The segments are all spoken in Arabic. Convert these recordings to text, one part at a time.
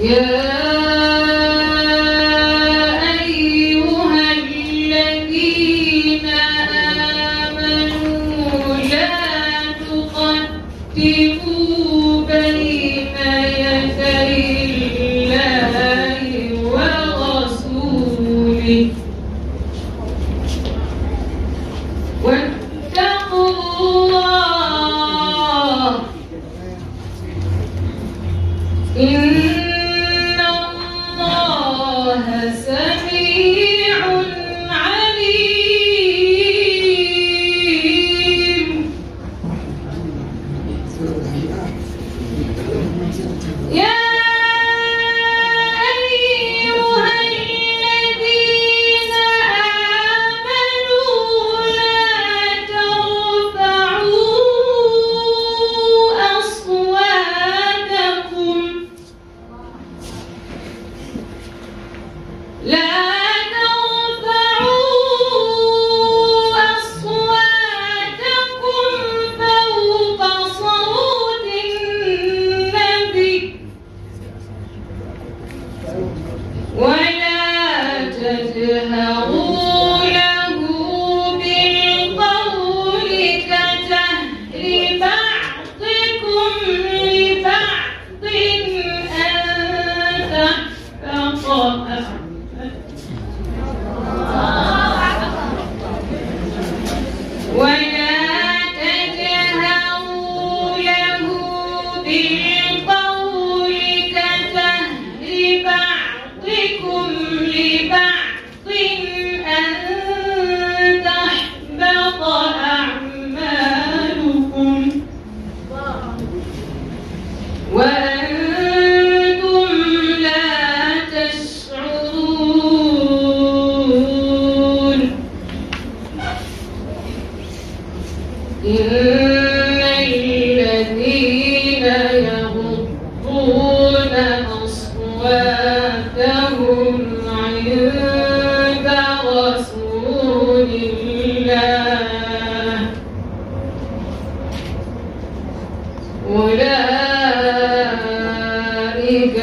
Yeah. إن الذين يغضون أصواتهم عند رسول الله أولئك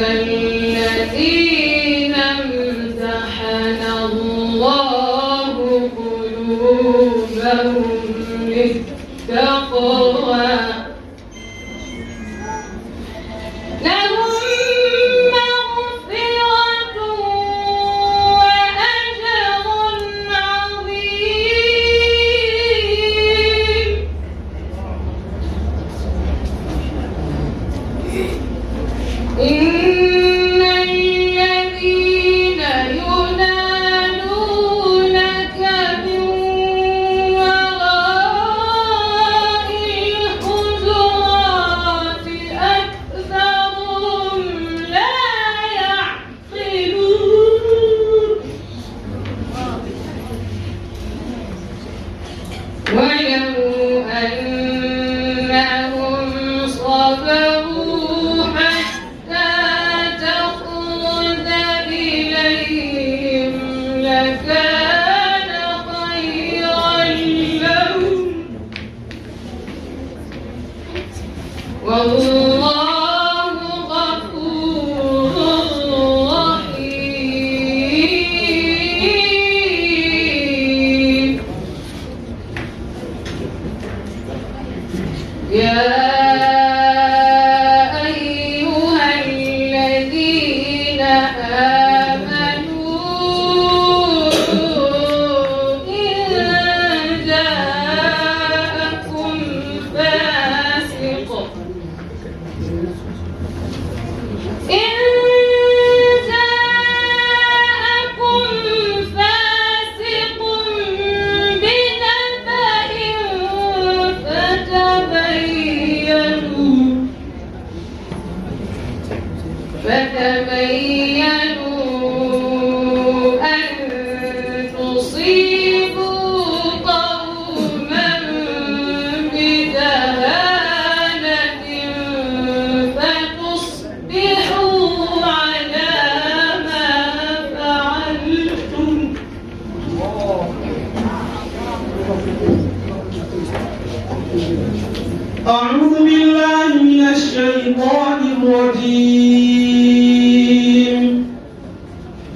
الشيطان الرجيم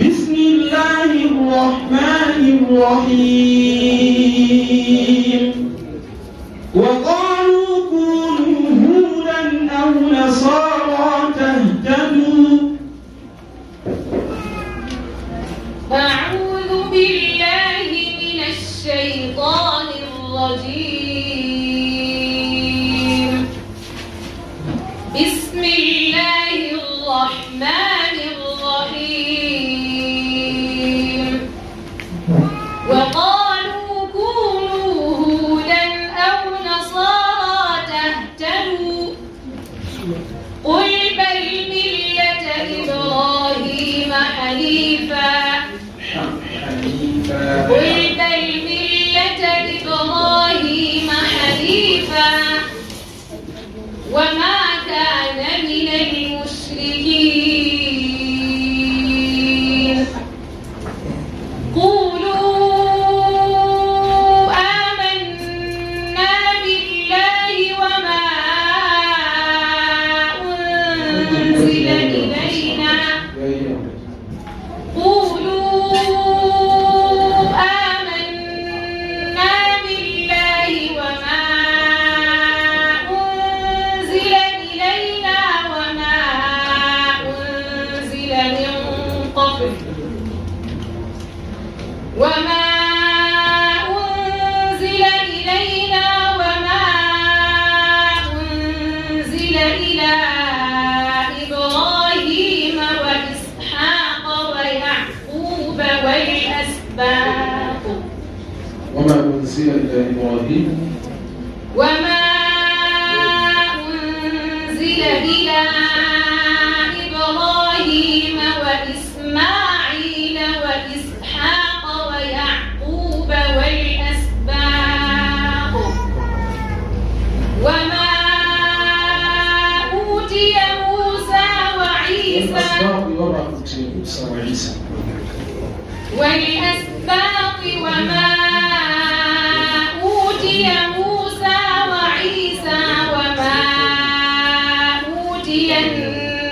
بسم الله الرحمن الرحيم وقالوا كونوا هودا أو نصارى تهتدوا أعوذ بالله وما أنزل إلى إبراهيم وما أنزل إلى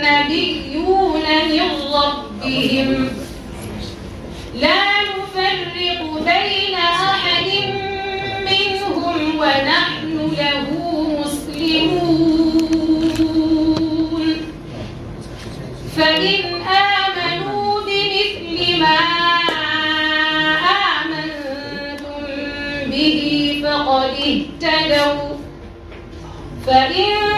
والنبيون من ربهم لا نفرق بين أحد منهم ونحن له مسلمون فإن آمنوا بمثل ما آمنتم به فقد اهتدوا فإن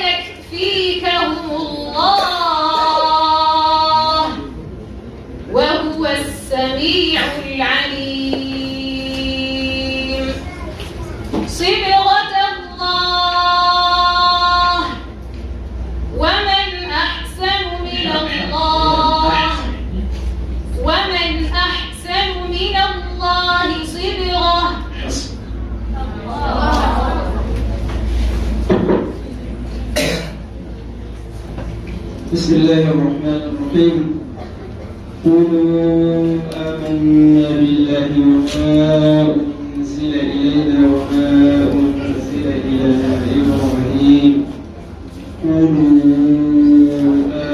بسم الله الرحمن الرحيم قولوا آمنا بالله وما أنزل إلينا وما أنزل إلى إبراهيم قولوا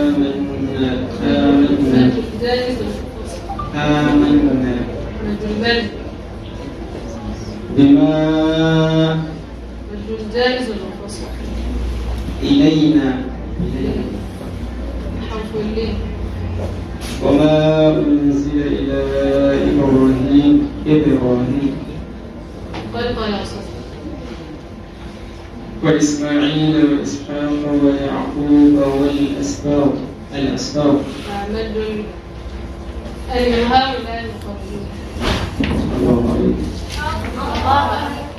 آمنا آمنا آمنا بما إلينا وما أنزل إلى إبراهيم إبراهيم قال قال وإسماعيل وإسحاق ويعقوب والأسباط الأسباط مد أي هؤلاء عليك الله عليك